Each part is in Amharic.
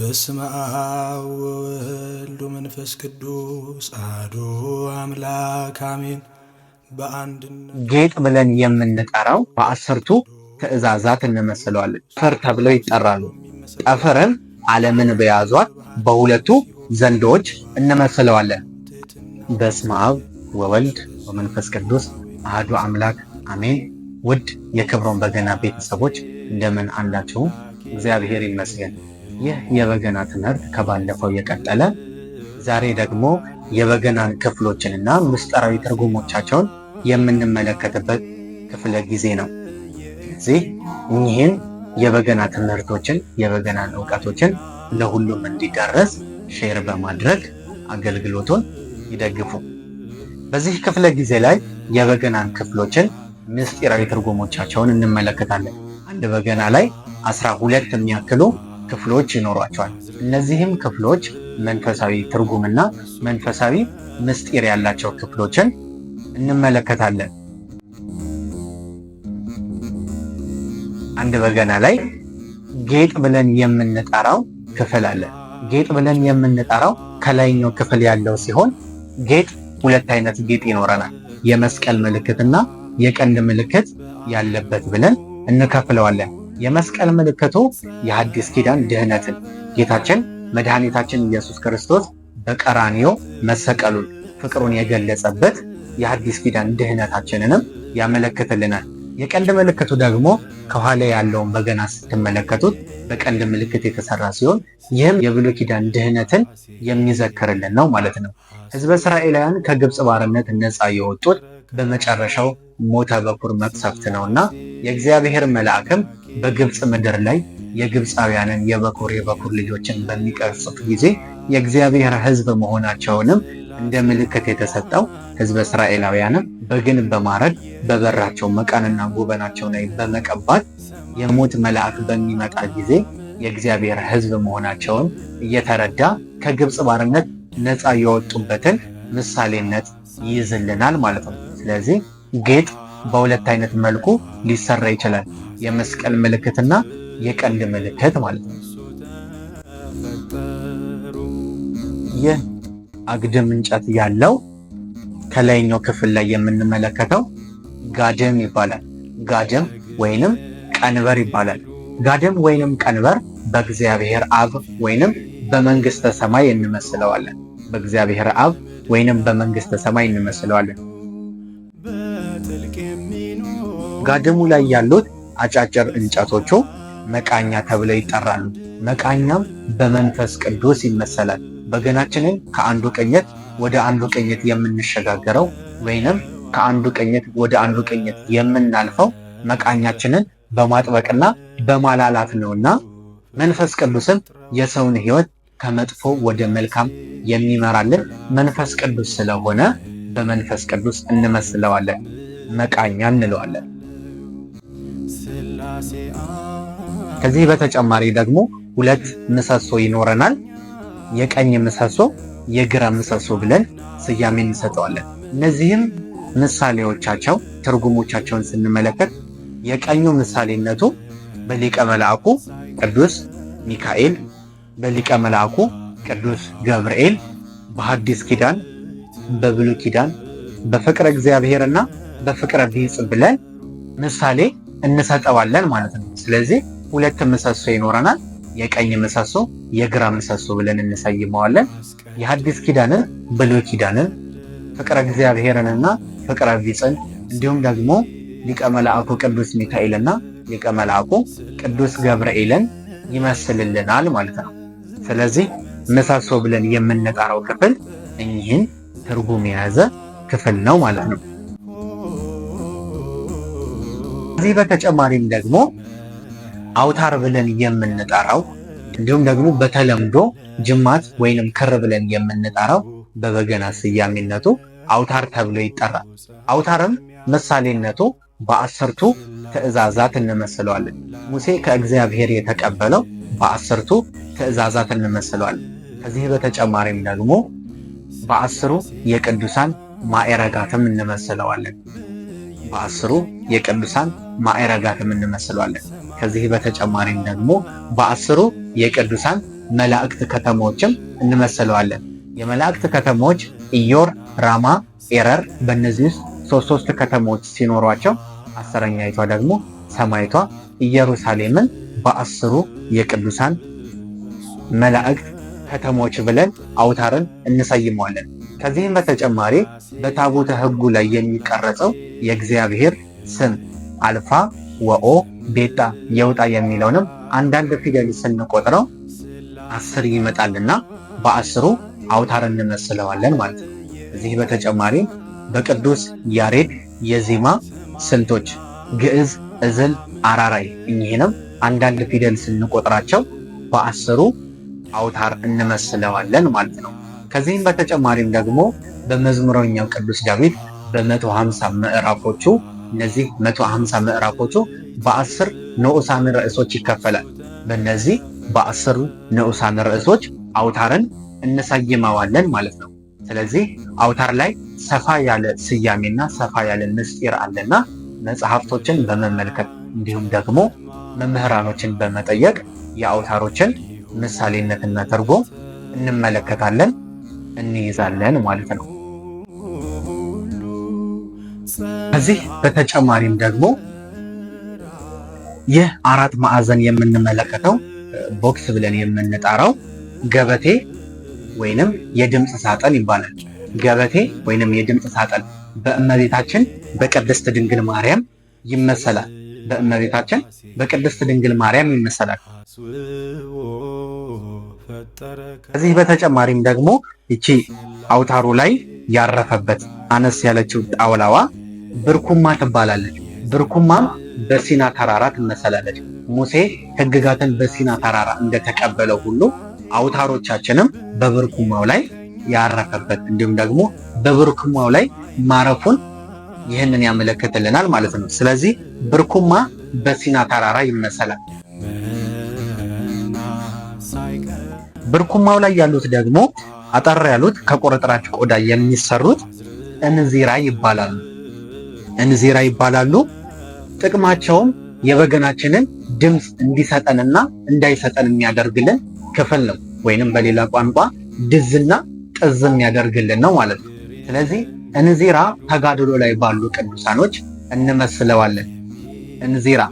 በስመ አብ ወወልድ ወመንፈስ ቅዱስ አሐዱ አምላክ አሜን። በአንድነት ጌጥ ብለን የምንጠራው በአስርቱ ትእዛዛት እንመስለዋለን። ጠፈር ተብለው ይጠራሉ። ጠፈርን ዓለምን በያዟት በሁለቱ ዘንዶች እንመስለዋለን። በስመ አብ ወወልድ ወመንፈስ ቅዱስ አሐዱ አምላክ አሜን። ውድ የክብሮን በገና ቤተሰቦች እንደምን አላችሁ? እግዚአብሔር ይመስገን። ይህ የበገና ትምህርት ከባለፈው የቀጠለ ዛሬ ደግሞ የበገና ክፍሎችንና ምስጢራዊ ትርጉሞቻቸውን የምንመለከትበት ክፍለ ጊዜ ነው። ዚህ እኚህን የበገና ትምህርቶችን የበገናን እውቀቶችን ለሁሉም እንዲዳረስ ሼር በማድረግ አገልግሎቱን ይደግፉ። በዚህ ክፍለ ጊዜ ላይ የበገናን ክፍሎችን ምስጢራዊ ትርጉሞቻቸውን እንመለከታለን። አንድ በገና ላይ አስራ ሁለት የሚያክሉ ክፍሎች ይኖሯቸዋል። እነዚህም ክፍሎች መንፈሳዊ ትርጉምና መንፈሳዊ ምስጢር ያላቸው ክፍሎችን እንመለከታለን። አንድ በገና ላይ ጌጥ ብለን የምንጠራው ክፍል አለ። ጌጥ ብለን የምንጠራው ከላይኛው ክፍል ያለው ሲሆን ጌጥ ሁለት አይነት ጌጥ ይኖረናል። የመስቀል ምልክትና የቀንድ ምልክት ያለበት ብለን እንከፍለዋለን። የመስቀል ምልክቱ የአዲስ ኪዳን ድህነትን ጌታችን መድኃኒታችን ኢየሱስ ክርስቶስ በቀራንዮ መሰቀሉን ፍቅሩን የገለጸበት የአዲስ ኪዳን ድህነታችንንም ያመለክትልናል። የቀንድ ምልክቱ ደግሞ ከኋላ ያለውን በገና ስትመለከቱት በቀንድ ምልክት የተሰራ ሲሆን ይህም የብሉይ ኪዳን ድህነትን የሚዘክርልን ነው ማለት ነው። ሕዝበ እስራኤላውያን ከግብፅ ባርነት ነፃ የወጡት በመጨረሻው ሞተ በኩር መቅሰፍት ነውና የእግዚአብሔር መልአክም በግብፅ ምድር ላይ የግብፃውያንን የበኩር የበኩር ልጆችን በሚቀርጹት ጊዜ የእግዚአብሔር ሕዝብ መሆናቸውንም እንደ ምልክት የተሰጠው ህዝብ እስራኤላውያንም በግን በማረድ በበራቸው መቃንና ጉበናቸው ላይ በመቀባት የሞት መልአክ በሚመጣ ጊዜ የእግዚአብሔር ሕዝብ መሆናቸውን እየተረዳ ከግብፅ ባርነት ነፃ የወጡበትን ምሳሌነት ይይዝልናል ማለት ነው። ስለዚህ ጌጥ በሁለት አይነት መልኩ ሊሰራ ይችላል። የመስቀል ምልክትና የቀንድ ምልክት ማለት ነው። ይህ አግድም እንጨት ያለው ከላይኛው ክፍል ላይ የምንመለከተው ጋደም ይባላል። ጋደም ወይንም ቀንበር ይባላል። ጋደም ወይንም ቀንበር በእግዚአብሔር አብ ወይንም በመንግስተ ሰማይ እንመስለዋለን። በእግዚአብሔር አብ ወይንም በመንግስተ ሰማይ እንመስለዋለን። ጋደሙ ላይ ያሉት አጫጭር እንጨቶቹ መቃኛ ተብለው ይጠራሉ። መቃኛም በመንፈስ ቅዱስ ይመሰላል። በገናችንን ከአንዱ ቅኝት ወደ አንዱ ቅኝት የምንሸጋገረው ወይንም ከአንዱ ቅኝት ወደ አንዱ ቅኝት የምናልፈው መቃኛችንን በማጥበቅና በማላላት ነውና መንፈስ ቅዱስም የሰውን ሕይወት ከመጥፎ ወደ መልካም የሚመራልን መንፈስ ቅዱስ ስለሆነ በመንፈስ ቅዱስ እንመስለዋለን። መቃኛ እንለዋለን። ከዚህ በተጨማሪ ደግሞ ሁለት ምሰሶ ይኖረናል። የቀኝ ምሰሶ፣ የግራ ምሰሶ ብለን ስያሜ እንሰጠዋለን። እነዚህም ምሳሌዎቻቸው ትርጉሞቻቸውን ስንመለከት የቀኙ ምሳሌነቱ በሊቀ መልአኩ ቅዱስ ሚካኤል፣ በሊቀ መልአኩ ቅዱስ ገብርኤል፣ በሐዲስ ኪዳን፣ በብሉይ ኪዳን በፍቅረ እግዚአብሔርና በፍቅረ ቢጽ ብለን ምሳሌ እንሰጠዋለን ማለት ነው። ስለዚህ ሁለት ምሰሶ ይኖረናል። የቀኝ ምሰሶ፣ የግራ ምሰሶ ብለን እንሰይመዋለን። የሐዲስ ኪዳንን፣ ብሉይ ኪዳንን፣ ፍቅረ እግዚአብሔርንና ፍቅረ ቢጽን እንዲሁም ደግሞ ሊቀ መልአኩ ቅዱስ ሚካኤልና ሊቀ መልአኩ ቅዱስ ገብርኤልን ይመስልልናል ማለት ነው። ስለዚህ ምሰሶ ብለን የምንጠራው ክፍል እኚህን ትርጉም የያዘ ክፍል ነው ማለት ነው። ከዚህ በተጨማሪም ደግሞ አውታር ብለን የምንጠራው እንዲሁም ደግሞ በተለምዶ ጅማት ወይንም ክር ብለን የምንጠራው በበገና ስያሜነቱ አውታር ተብሎ ይጠራል። አውታርም ምሳሌነቱ በአስርቱ ትእዛዛት እንመስለዋለን። ሙሴ ከእግዚአብሔር የተቀበለው በአስርቱ ትእዛዛት እንመስለዋለን። ከዚህ በተጨማሪም ደግሞ በአስሩ የቅዱሳን ማዕረጋትም እንመስለዋለን። በአስሩ የቅዱሳን ማዕረጋትም እንመስለዋለን። ከዚህ በተጨማሪም ደግሞ በአስሩ የቅዱሳን መላእክት ከተሞችም እንመስለዋለን። የመላእክት ከተሞች ኢዮር፣ ራማ፣ ኤረር በእነዚህ ውስጥ ሶስት ሶስት ከተሞች ሲኖሯቸው አስረኛይቷ ደግሞ ሰማይቷ ኢየሩሳሌምን በአስሩ የቅዱሳን መላእክት ከተሞች ብለን አውታርን እንሰይመዋለን። ከዚህም በተጨማሪ በታቦተ ሕጉ ላይ የሚቀረጸው የእግዚአብሔር ስም አልፋ ወኦ ቤጣ የውጣ የሚለውንም አንዳንድ ፊደል ስንቆጥረው አስር ይመጣልና በአስሩ አውታር እንመስለዋለን ማለት ነው። እዚህ በተጨማሪ በቅዱስ ያሬድ የዜማ ስልቶች ግዕዝ፣ እዝል፣ አራራይ እኚህንም አንዳንድ ፊደል ስንቆጥራቸው በአስሩ አውታር እንመስለዋለን ማለት ነው። ከዚህም በተጨማሪም ደግሞ በመዝሙረኛው ቅዱስ ዳዊት በመቶ ሀምሳ ምዕራፎቹ እነዚህ መቶ ሀምሳ ምዕራፎቹ በአስር ንዑሳን ርዕሶች ይከፈላል። በእነዚህ በአስር ንዑሳን ርዕሶች አውታርን እንሰይመዋለን ማለት ነው። ስለዚህ አውታር ላይ ሰፋ ያለ ስያሜና ሰፋ ያለ ምስጢር አለና መጽሐፍቶችን በመመልከት እንዲሁም ደግሞ መምህራኖችን በመጠየቅ የአውታሮችን ምሳሌነትና ትርጉም እንመለከታለን፣ እንይዛለን ማለት ነው። ከዚህ በተጨማሪም ደግሞ ይህ አራት ማዕዘን የምንመለከተው ቦክስ ብለን የምንጠራው ገበቴ ወይንም የድምፅ ሳጥን ይባላል። ገበቴ ወይንም የድምፅ ሳጥን በእመቤታችን በቅድስት ድንግል ማርያም ይመሰላል። በእመቤታችን በቅድስት ድንግል ማርያም ይመሰላል። ከዚህ በተጨማሪም ደግሞ ይቺ አውታሩ ላይ ያረፈበት አነስ ያለችው ጣውላዋ ብርኩማ ትባላለች። ብርኩማም በሲና ተራራ ትመሰላለች። ሙሴ ሕግጋትን በሲና ተራራ እንደተቀበለው ሁሉ አውታሮቻችንም በብርኩማው ላይ ያረፈበት እንዲሁም ደግሞ በብርኩማው ላይ ማረፉን ይህንን ያመለክትልናል ማለት ነው። ስለዚህ ብርኩማ በሲና ተራራ ይመሰላል። ብርኩማው ላይ ያሉት ደግሞ አጠር ያሉት ከቁርጥራጭ ቆዳ የሚሰሩት እንዚራ ይባላሉ። እንዚራ ይባላሉ። ጥቅማቸውም የበገናችንን ድምፅ እንዲሰጠንና እንዳይሰጠን የሚያደርግልን ክፍል ነው፣ ወይንም በሌላ ቋንቋ ድዝና ጥዝ የሚያደርግልን ነው ማለት ነው። ስለዚህ እንዚራ ተጋድሎ ላይ ባሉ ቅዱሳኖች እንመስለዋለን። እንዚራ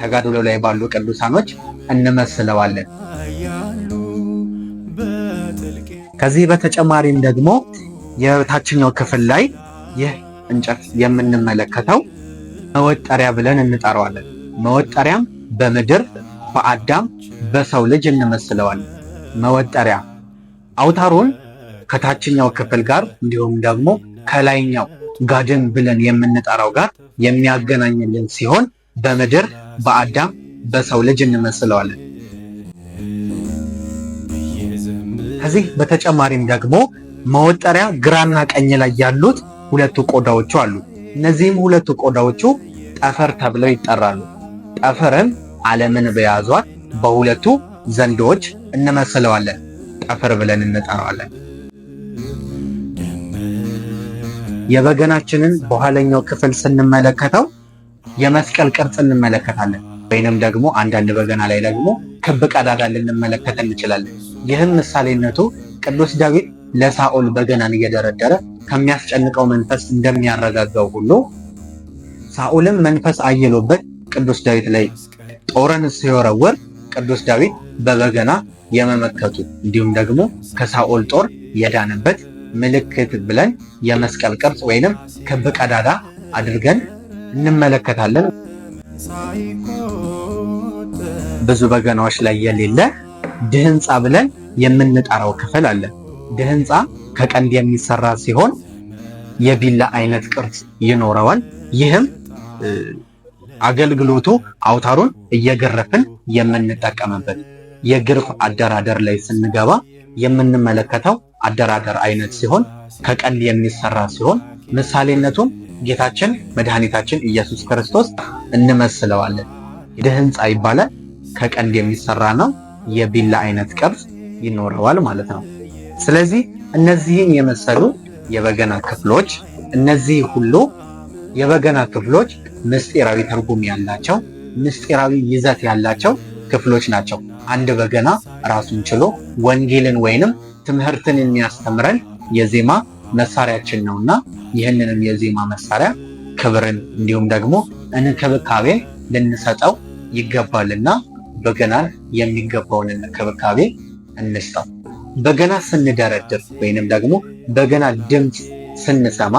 ተጋድሎ ላይ ባሉ ቅዱሳኖች እንመስለዋለን። ከዚህ በተጨማሪም ደግሞ የታችኛው ክፍል ላይ ይህ እንጨት የምንመለከተው መወጠሪያ ብለን እንጠራዋለን። መወጠሪያም በምድር በአዳም በሰው ልጅ እንመስለዋለን። መወጠሪያ አውታሩን ከታችኛው ክፍል ጋር እንዲሁም ደግሞ ከላይኛው ጋድን ብለን የምንጠራው ጋር የሚያገናኝልን ሲሆን በምድር በአዳም በሰው ልጅ እንመስለዋለን። ከዚህ በተጨማሪም ደግሞ መወጠሪያ ግራና ቀኝ ላይ ያሉት ሁለቱ ቆዳዎቹ አሉ። እነዚህም ሁለቱ ቆዳዎቹ ጠፈር ተብለው ይጠራሉ። ጠፈርን ዓለምን በያዟት በሁለቱ ዘንዶች እንመስለዋለን። ጠፈር ብለን እንጠራዋለን። የበገናችንን በኋለኛው ክፍል ስንመለከተው የመስቀል ቅርጽ እንመለከታለን። ወይንም ደግሞ አንዳንድ በገና ላይ ደግሞ ክብ ቀዳዳ ልንመለከት እንችላለን። ይህም ምሳሌነቱ ቅዱስ ዳዊት ለሳኦል በገናን እየደረደረ ከሚያስጨንቀው መንፈስ እንደሚያረጋጋው ሁሉ ሳኦልም መንፈስ አይሎበት ቅዱስ ዳዊት ላይ ጦርን ሲወረወር ቅዱስ ዳዊት በበገና የመመከቱ እንዲሁም ደግሞ ከሳኦል ጦር የዳነበት ምልክት ብለን የመስቀል ቅርጽ ወይንም ክብ ቀዳዳ አድርገን እንመለከታለን። ብዙ በገናዎች ላይ የሌለ ድህንፃ ብለን የምንጠራው ክፍል አለ። ድህንፃ ከቀንድ የሚሰራ ሲሆን የቢላ አይነት ቅርጽ ይኖረዋል። ይህም አገልግሎቱ አውታሩን እየገረፍን የምንጠቀምበት የግርፍ አደራደር ላይ ስንገባ የምንመለከተው አደራደር አይነት ሲሆን ከቀንድ የሚሰራ ሲሆን ምሳሌነቱም ጌታችን መድኃኒታችን ኢየሱስ ክርስቶስ እንመስለዋለን። ድህንፃ ይባላል። ከቀንድ የሚሰራ ነው። የቢላ አይነት ቅርጽ ይኖረዋል ማለት ነው። ስለዚህ እነዚህን የመሰሉ የበገና ክፍሎች እነዚህ ሁሉ የበገና ክፍሎች ምስጢራዊ ትርጉም ያላቸው ምስጢራዊ ይዘት ያላቸው ክፍሎች ናቸው። አንድ በገና ራሱን ችሎ ወንጌልን ወይንም ትምህርትን የሚያስተምረን የዜማ መሳሪያችን ነውና ይህንንም የዜማ መሳሪያ ክብርን እንዲሁም ደግሞ እንክብካቤን ልንሰጠው ይገባልና በገናን የሚገባውን እንክብካቤ እንስጠው። በገና ስንደረድር ወይንም ደግሞ በገና ድምፅ ስንሰማ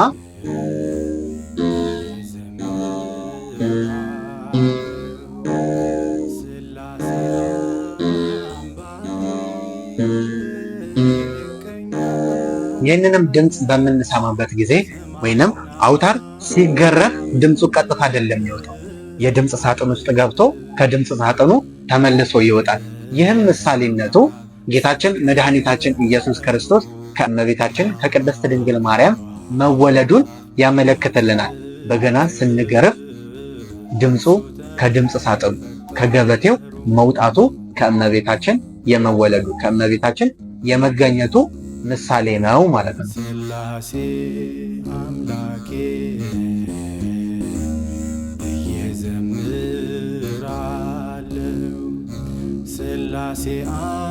ይህንንም ድምፅ በምንሰማበት ጊዜ ወይንም አውታር ሲገረፍ ድምፁ ቀጥታ አይደለም የሚወጣው፣ የድምፅ ሳጥን ውስጥ ገብቶ ከድምፅ ሳጥኑ ተመልሶ ይወጣል። ይህም ምሳሌነቱ ጌታችን መድኃኒታችን ኢየሱስ ክርስቶስ ከእመቤታችን ከቅድስት ድንግል ማርያም መወለዱን ያመለክትልናል። በገና ስንገርፍ ድምፁ ከድምፅ ሳጥኑ ከገበቴው መውጣቱ ከእመቤታችን የመወለዱ ከእመቤታችን የመገኘቱ ምሳሌ ነው ማለት ነው። say, ah.